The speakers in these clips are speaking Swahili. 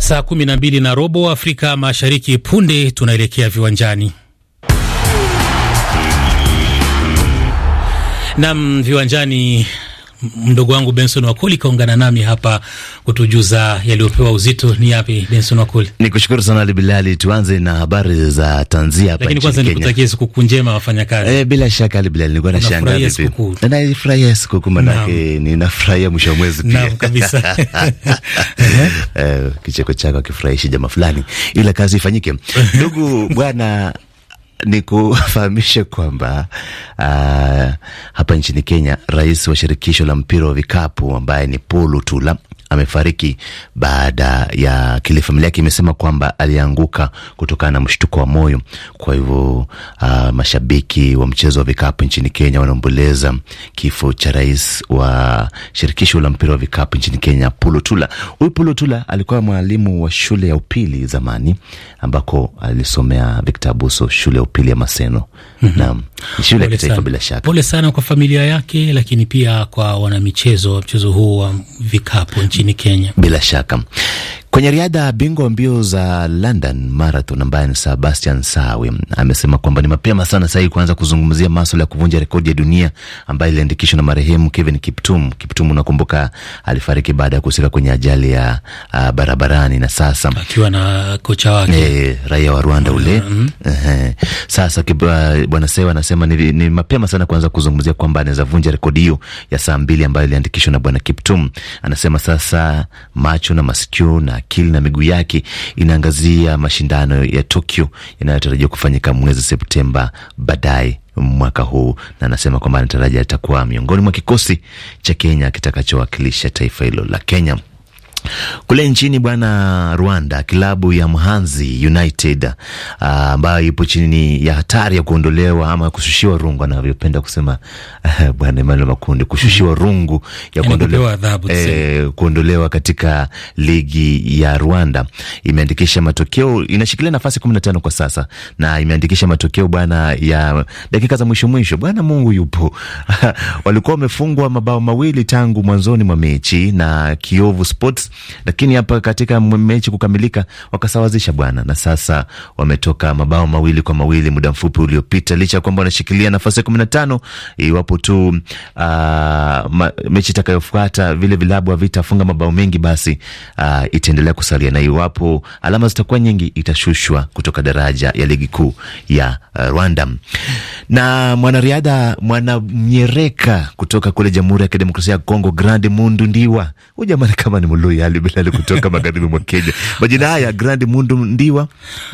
saa 12 na robo Afrika Mashariki. Punde tunaelekea viwanjani. Nam viwanjani mdogo wangu Benson Wakuli kaungana nami hapa kutujuza yaliyopewa uzito ni yapi. Benson Wakuli, ni kushukuru sana Ali Bilali. Tuanze na habari za tanzia hapa, lakini kwanza nikutakie sikukuu njema wafanyakazi. Eh, bila shaka Ali Bilali, nilikuwa nashangaa vipi, naifurahia sikukuu manake ninafurahia mwisho wa mwezi pia kabisa. Eh, kicheko chako kifurahishi jamaa fulani, ila kazi ifanyike ndugu bwana ni kufahamishe kwamba uh, hapa nchini Kenya, rais wa shirikisho la mpira wa vikapu ambaye ni Paul Utula amefariki baada ya kile familia yake imesema kwamba alianguka kutokana na mshtuko wa moyo. Kwa hivyo uh, mashabiki wa mchezo wa vikapu nchini Kenya wanaomboleza kifo cha rais wa shirikisho la mpira wa vikapu nchini Kenya, Tula. Huyu Tula alikuwa mwalimu wa shule ya upili zamani, ambako alisomea Victor Abuso, shule ya upili ya Maseno. mm -hmm. shule ya kitaifa bila shaka. Pole sana kwa familia yake, lakini pia kwa wanamichezo wa mchezo huu wa vikapu nchini nchini Kenya. Bila shaka Kwenye riadha, bingwa mbio za London Marathon ambaye ni Sebastian Sawe amesema kwamba ni mapema sana sahii kuanza kuzungumzia maswala ya kuvunja rekodi ya dunia ambayo iliandikishwa na marehemu Kevin Kiptum. Kiptum, unakumbuka alifariki baada ya kuhusika kwenye ajali ya uh, barabarani, na sasa akiwa na kocha wake e, raia wa Rwanda ule mm -hmm. Sasa uh, bwana Sewa anasema ni, ni mapema sana kuanza kuzungumzia kwamba anaweza vunja rekodi hiyo ya saa mbili ambayo iliandikishwa na bwana Kiptum. Anasema sasa macho na masikio na akili na miguu yake inaangazia mashindano ya Tokyo yanayotarajiwa kufanyika mwezi Septemba baadaye mwaka huu, na anasema kwamba anataraji atakuwa miongoni mwa kikosi cha Kenya kitakachowakilisha taifa hilo la Kenya. Kule nchini bwana Rwanda, klabu ya Mhanzi United ah, ambayo ipo chini ya hatari ya kuondolewa ama kushushiwa rungu, anavyopenda kusema uh, bwana Emmanuel Makundi, kushushiwa rungu ya yaani kuondolewa, eh, kuondolewa katika ligi ya Rwanda. Imeandikisha matokeo, inashikilia nafasi kumi na tano kwa sasa, na imeandikisha matokeo bwana ya dakika za mwisho mwisho. Bwana Mungu yupo walikuwa wamefungwa mabao mawili tangu mwanzoni mwa mechi na Kiovu Sports lakini hapa katika mechi kukamilika wakasawazisha bwana, na sasa wametoka mabao mawili kwa mawili muda mfupi uliopita, licha ya kwamba wanashikilia nafasi ya kumi na tano iwapo tu uh, ma, mechi itakayofuata vile vilabu havitafunga mabao mengi, basi uh, itaendelea kusalia, na iwapo alama zitakuwa nyingi itashushwa kutoka daraja ya ligi kuu ya uh, Rwanda. Na mwanariadha mwana mwanamnyereka kutoka kule Jamhuri ya Kidemokrasia ya Kongo, Grand Mundu Ndiwa, huyu jamani, kama ni mluya yale Bilali kutoka magharibi mwa Kenya. Majina haya Grand Mundu Ndiwa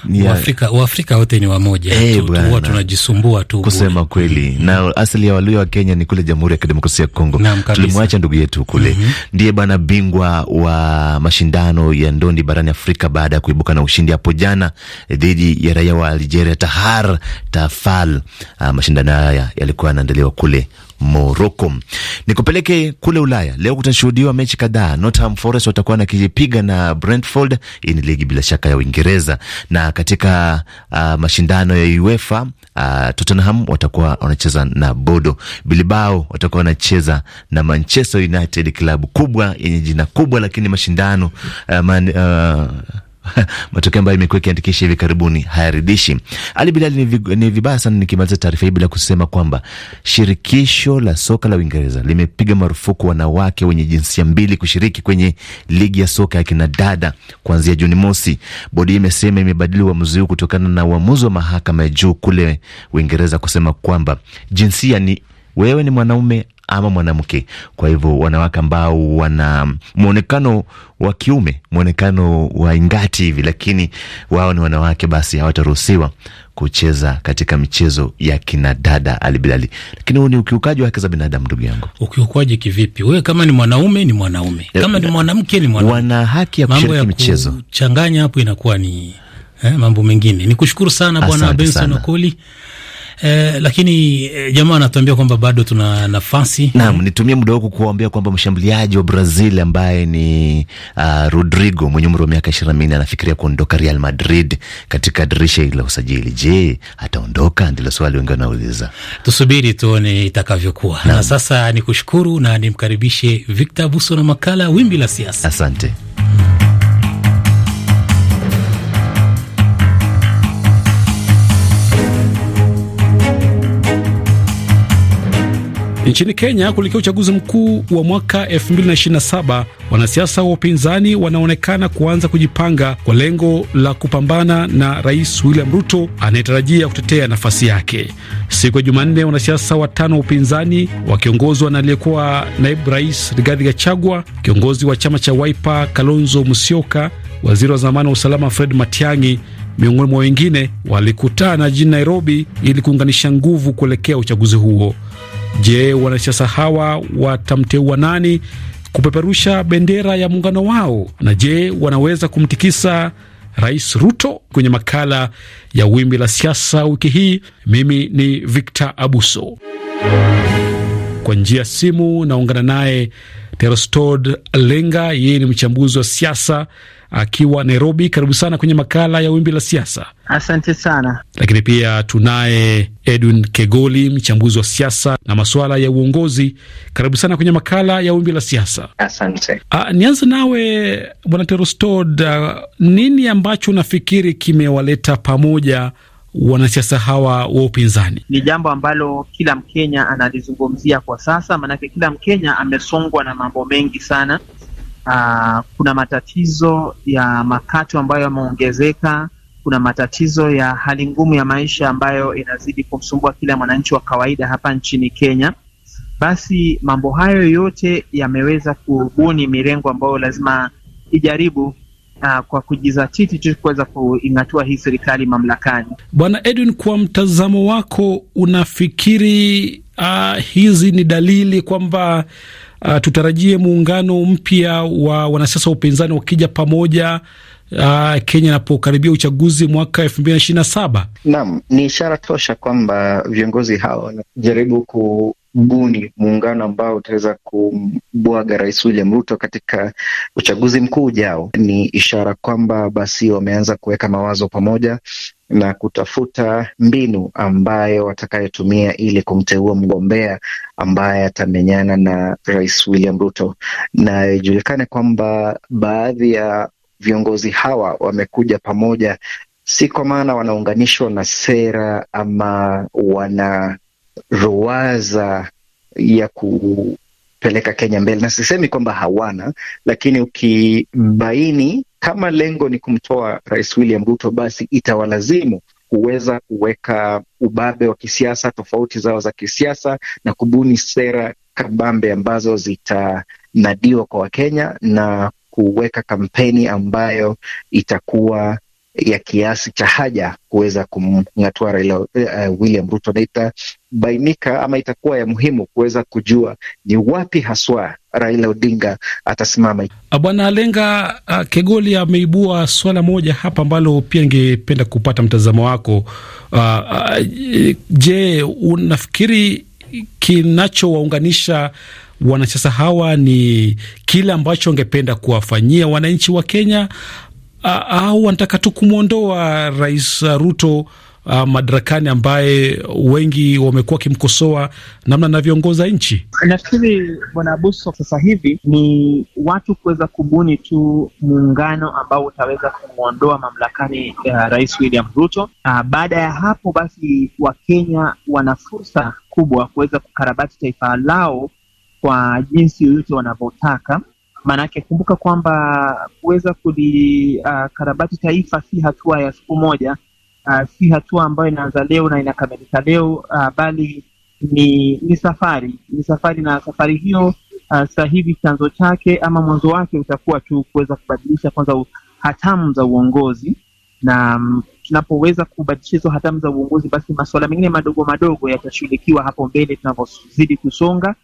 ni ya... Waafrika, Waafrika wote ni wamoja hey, eh, tu, tunajisumbua tu kusema kweli mm -hmm. Na asili ya Waluya wa Kenya ni kule Jamhuri ya Kidemokrasia ya Kongo, tulimwacha ndugu yetu kule mm -hmm. Ndiye bana bingwa wa mashindano ya ndondi barani Afrika baada ya kuibuka na ushindi hapo jana eh, dhidi ya raia wa Algeria Tahar Tafal. Uh, mashindano haya yalikuwa yanaandaliwa kule Morocco. Nikupeleke kule Ulaya. Leo kutashuhudiwa mechi kadhaa. Nottingham Forest watakuwa na na Brentford. Hii ni ligi bila shaka ya Uingereza, na katika uh, mashindano ya UEFA uh, Tottenham watakuwa wanacheza na Bodo. Bilbao watakuwa wanacheza na Manchester United, klabu kubwa yenye jina kubwa, lakini mashindano uh, man, uh, matokeo ambayo imekuwa ikiandikisha hivi karibuni hayaridhishi. Ali Bilali, ni vibaya sana nikimaliza taarifa hii bila kusema kwamba shirikisho la soka la Uingereza limepiga marufuku wanawake wenye jinsia mbili kushiriki kwenye ligi ya soka ya kinadada kuanzia Juni mosi. Bodi hii imesema imebadili uamuzi huu kutokana na uamuzi wa mahakama ya juu kule Uingereza kusema kwamba jinsia ni wewe ni mwanaume ama mwanamke. Kwa hivyo wanawake ambao wana mwonekano wa kiume, mwonekano wa ingati hivi, lakini wao ni wanawake, basi hawataruhusiwa kucheza katika michezo ya kinadada. Alibilali, lakini huu ni ukiukaji wa haki za binadamu, ndugu yangu. Ukiukaji kivipi? Wewe kama ni mwanaume ni mwanaume, eh, kama ni mwanamke ni mwanamke, wana haki ya kushiriki michezo. Changanya hapo inakuwa ni eh, mambo mengine. Nikushukuru sana Bwana Benson Okoli. Eh, lakini eh, jamaa anatuambia kwamba bado tuna nafasi. Naam, nitumie muda wako kuwaambia kwamba mshambuliaji wa Brazil ambaye ni uh, Rodrigo mwenye umri wa miaka 24 anafikiria kuondoka Real Madrid katika dirisha la usajili. Je, ataondoka? Ndilo swali wengi wanauliza. Tusubiri tuone itakavyokuwa. Na sasa ni kushukuru na nimkaribishe Victor Buso na makala Wimbi la Siasa. Asante. Nchini Kenya, kuelekea uchaguzi mkuu wa mwaka 2027 wanasiasa wa upinzani wanaonekana kuanza kujipanga kwa lengo la kupambana na Rais William Ruto anayetarajia kutetea nafasi yake. Siku ya Jumanne, wanasiasa watano wa upinzani wakiongozwa na aliyekuwa naibu rais Rigathi Gachagua, kiongozi wa chama cha Wiper Kalonzo Musyoka, waziri wa zamani wa usalama Fred Matiang'i miongoni mwa wengine walikutana jijini Nairobi ili kuunganisha nguvu kuelekea uchaguzi huo. Je, wanasiasa hawa watamteua nani kupeperusha bendera ya muungano wao? Na je, wanaweza kumtikisa Rais Ruto? Kwenye makala ya Wimbi la Siasa wiki hii, mimi ni Victor Abuso. Kwa njia ya simu naungana naye Terostod lenga yeye ni mchambuzi wa siasa akiwa Nairobi. Karibu sana kwenye makala ya Wimbi la Siasa. Asante sana. Lakini pia tunaye Edwin Kegoli, mchambuzi wa siasa na masuala ya uongozi. Karibu sana kwenye makala ya Wimbi la Siasa. Asante. Ah, nianze nawe Bwana Terostod, ah, nini ambacho unafikiri kimewaleta pamoja wanasiasa hawa wa upinzani? Ni jambo ambalo kila Mkenya analizungumzia kwa sasa, maanake kila Mkenya amesongwa na mambo mengi sana uh, kuna matatizo ya makato ambayo yameongezeka. Kuna matatizo ya hali ngumu ya maisha ambayo inazidi kumsumbua kila mwananchi wa kawaida hapa nchini Kenya. Basi mambo hayo yote yameweza kubuni mirengo ambayo lazima ijaribu Uh, kwa kujizatiti tu kuweza kuing'atua hii serikali mamlakani. Bwana Edwin, kwa mtazamo wako unafikiri uh, hizi ni dalili kwamba uh, tutarajie muungano mpya wa wanasiasa wa upinzani wakija pamoja uh, Kenya inapokaribia uchaguzi mwaka elfu mbili na ishirini na saba? Naam, ni ishara tosha kwamba viongozi hawa wanajaribu ku buni muungano ambao utaweza kumbwaga Rais William Ruto katika uchaguzi mkuu ujao. Ni ishara kwamba basi wameanza kuweka mawazo pamoja na kutafuta mbinu ambayo watakayotumia ili kumteua mgombea ambaye atamenyana na Rais William Ruto, na ijulikane kwamba baadhi ya viongozi hawa wamekuja pamoja, si kwa maana wanaunganishwa na sera ama wana ruwaza ya kupeleka Kenya mbele, na sisemi kwamba hawana, lakini ukibaini kama lengo ni kumtoa Rais William Ruto, basi itawalazimu kuweza kuweka ubabe wa kisiasa, tofauti zao za kisiasa na kubuni sera kabambe ambazo zitanadiwa kwa Wakenya na kuweka kampeni ambayo itakuwa ya kiasi cha haja kuweza kumng'atua Raila uh, William Ruto, na itabainika ama itakuwa ya muhimu kuweza kujua ni wapi haswa Raila Odinga atasimama. Ah, Bwana Alenga uh, ah, Kegoli ameibua swala moja hapa ambalo pia ningependa kupata mtazamo wako. Uh, uh, je, unafikiri kinachowaunganisha wanasiasa hawa ni kile ambacho wangependa kuwafanyia wananchi wa Kenya au wanataka tu kumwondoa Rais Ruto Uh, madarakani ambaye wengi wamekuwa wakimkosoa namna anavyoongoza nchi. Nafikiri Bwana Abuso, sasa hivi ni watu kuweza kubuni tu muungano ambao utaweza kumwondoa mamlakani uh, Rais William Ruto. Uh, baada ya hapo basi Wakenya wana fursa kubwa kuweza kukarabati taifa lao kwa jinsi yoyote wanavyotaka. Maanake kumbuka kwamba kuweza kulikarabati uh, taifa si hatua ya siku moja uh, si hatua ambayo inaanza leo na inakamilika leo uh, bali ni ni safari ni safari, na safari hiyo uh, sasa hivi chanzo chake ama mwanzo wake utakuwa tu kuweza kubadilisha kwanza hatamu za uongozi, na mm, tunapoweza kubadilisha hizo hatamu za uongozi, basi masuala mengine madogo madogo yatashughulikiwa hapo mbele tunavyozidi kusonga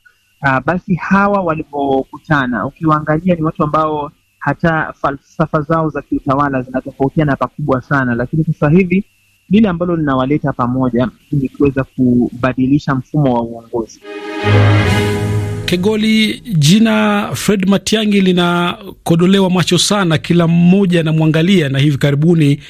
Uh, basi hawa walipokutana, ukiwaangalia ni watu ambao hata falsafa zao za kiutawala zinatofautiana pakubwa sana, lakini sasa hivi lile ambalo linawaleta pamoja ni kuweza kubadilisha mfumo wa uongozi kwake goli jina Fred Matiangi linakodolewa macho sana, kila mmoja anamwangalia, na hivi karibuni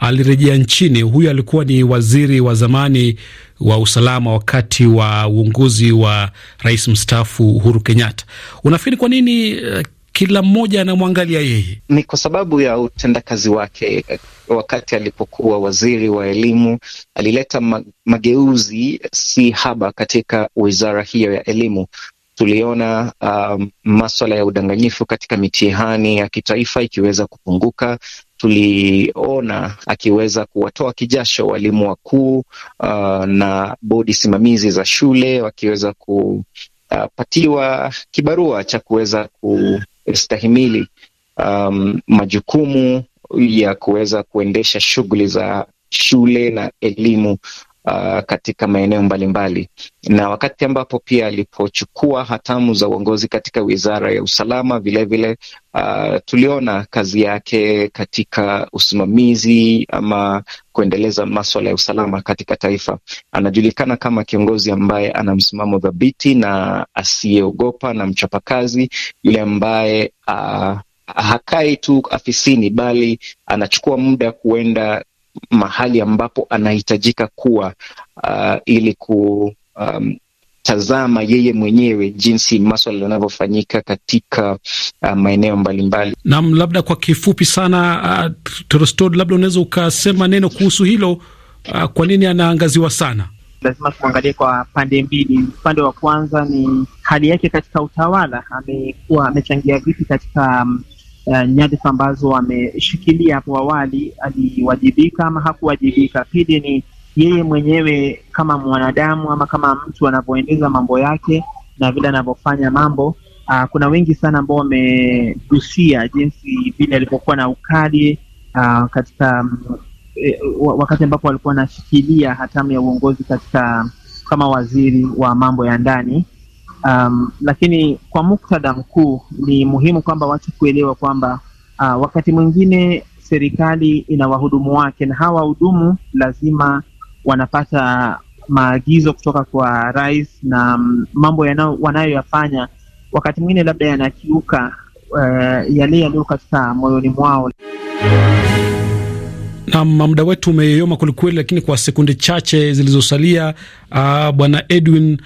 alirejea nchini. Huyu alikuwa ni waziri wa zamani wa usalama wakati wa uongozi wa rais mstaafu Uhuru Kenyatta. Unafikiri kwa nini eh, kila mmoja anamwangalia yeye? Ni kwa sababu ya utendakazi wake. Wakati alipokuwa waziri wa elimu, alileta mageuzi si haba katika wizara hiyo ya elimu tuliona um, maswala ya udanganyifu katika mitihani ya kitaifa ikiweza kupunguka. Tuliona akiweza kuwatoa kijasho walimu wakuu uh, na bodi simamizi za shule wakiweza kupatiwa kibarua cha kuweza kustahimili um, majukumu ya kuweza kuendesha shughuli za shule na elimu uh, katika maeneo mbalimbali, na wakati ambapo pia alipochukua hatamu za uongozi katika wizara ya usalama vilevile vile, uh, tuliona kazi yake katika usimamizi ama kuendeleza maswala ya usalama katika taifa. Anajulikana kama kiongozi ambaye ana msimamo dhabiti na asiyeogopa na mchapakazi, yule ambaye uh, hakai tu afisini bali anachukua muda kuenda mahali ambapo anahitajika kuwa uh, ili kutazama um, yeye mwenyewe jinsi maswala yanavyofanyika katika uh, maeneo mbalimbali. Naam, labda kwa kifupi sana uh, Tolstoy, labda unaweza ukasema neno kuhusu hilo uh, kwa nini anaangaziwa sana? Lazima tuangalie kwa pande mbili. Upande wa kwanza ni hali yake katika utawala, amekuwa amechangia vipi katika um, uh, nyadhifa ambazo ameshikilia hapo awali, aliwajibika ama hakuwajibika. Pili ni yeye mwenyewe kama mwanadamu ama kama mtu anavyoendeza mambo yake na vile anavyofanya mambo. Uh, kuna wengi sana ambao wamegusia jinsi vile alivyokuwa na ukali uh, katika e, wakati ambapo alikuwa anashikilia hatamu ya uongozi katika kama waziri wa mambo ya ndani Um, lakini kwa muktadha mkuu ni muhimu kwamba watu kuelewa kwamba uh, wakati mwingine serikali ina wahudumu wake na hawa wahudumu lazima wanapata maagizo kutoka kwa rais na um, mambo wanayoyafanya wakati mwingine labda yanakiuka uh, yale yaliyo katika moyoni mwao. Nam, muda wetu umeyoyoma kwelikweli, lakini kwa sekunde chache zilizosalia, uh, bwana Edwin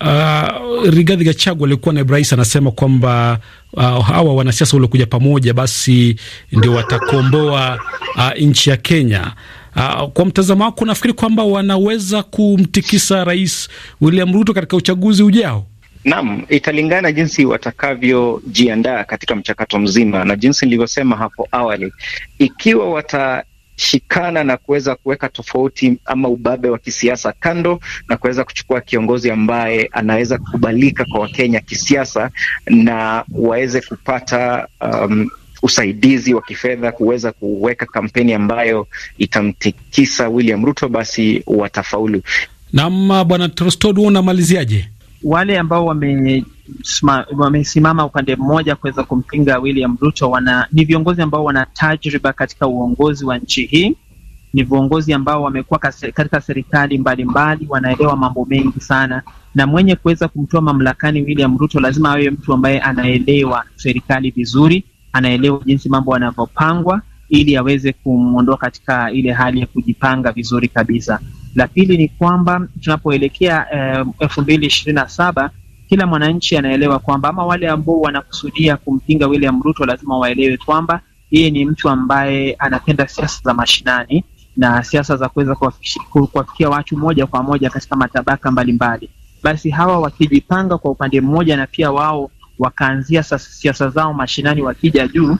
Uh, Rigathi Gachagua alikuwa na Ibrahis anasema kwamba uh, hawa wanasiasa waliokuja pamoja basi ndio watakomboa uh, nchi ya Kenya. Uh, kwa mtazamo wako unafikiri kwamba wanaweza kumtikisa Rais William Ruto katika uchaguzi ujao? Naam, italingana jinsi watakavyojiandaa katika mchakato mzima, na jinsi nilivyosema hapo awali, ikiwa wata shikana na kuweza kuweka tofauti ama ubabe wa kisiasa kando na kuweza kuchukua kiongozi ambaye anaweza kukubalika kwa Wakenya kisiasa na waweze kupata um, usaidizi wa kifedha kuweza kuweka kampeni ambayo itamtikisa William Ruto, basi watafaulu. Naam, Bwana Trostod, unamaliziaje? wale ambao wamesimama upande mmoja kuweza kumpinga William Ruto wana, ni viongozi ambao wana tajriba katika uongozi wa nchi hii. Ni viongozi ambao wamekuwa katika serikali mbalimbali, wanaelewa mambo mengi sana, na mwenye kuweza kumtoa mamlakani William Ruto lazima awe mtu ambaye anaelewa serikali vizuri, anaelewa jinsi mambo yanavyopangwa, ili aweze kumwondoa katika ile hali ya kujipanga vizuri kabisa. La pili ni kwamba tunapoelekea eh, elfu mbili ishirini na saba kila mwananchi anaelewa kwamba ama wale ambao wanakusudia kumpinga William Ruto lazima waelewe kwamba yeye ni mtu ambaye anapenda siasa za mashinani na siasa za kuweza kuwafikia watu moja kwa moja katika matabaka mbalimbali. Basi hawa wakijipanga kwa upande mmoja na pia wao wakaanzia siasa zao mashinani, wakija juu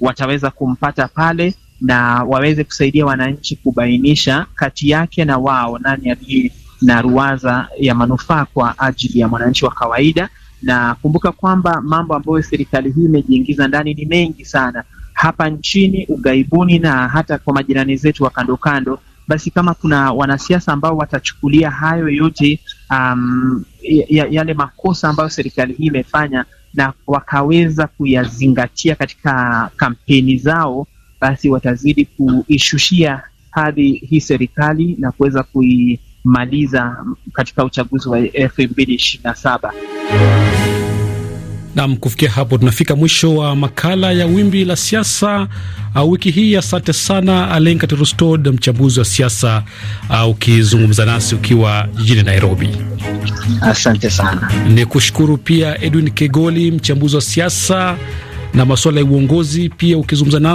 wataweza kumpata pale na waweze kusaidia wananchi kubainisha kati yake na wao nani aliye na ruwaza ya manufaa kwa ajili ya mwananchi wa kawaida. Na kumbuka kwamba mambo ambayo serikali hii imejiingiza ndani ni mengi sana hapa nchini, ughaibuni na hata kwa majirani zetu wa kando kando. Basi kama kuna wanasiasa ambao watachukulia hayo yote um, yale makosa ambayo serikali hii imefanya na wakaweza kuyazingatia katika kampeni zao basi watazidi kuishushia hadhi hii serikali na kuweza kuimaliza katika uchaguzi wa elfu mbili ishirini na saba. Nam, kufikia hapo tunafika mwisho wa makala ya wimbi la siasa uh, wiki hii. Asante sana Alenka mchambuzi wa siasa uh, ukizungumza nasi ukiwa jijini Nairobi. Asante sana. Ni kushukuru pia Edwin Kegoli, mchambuzi wa siasa na masuala ya uongozi, pia ukizungumza nasi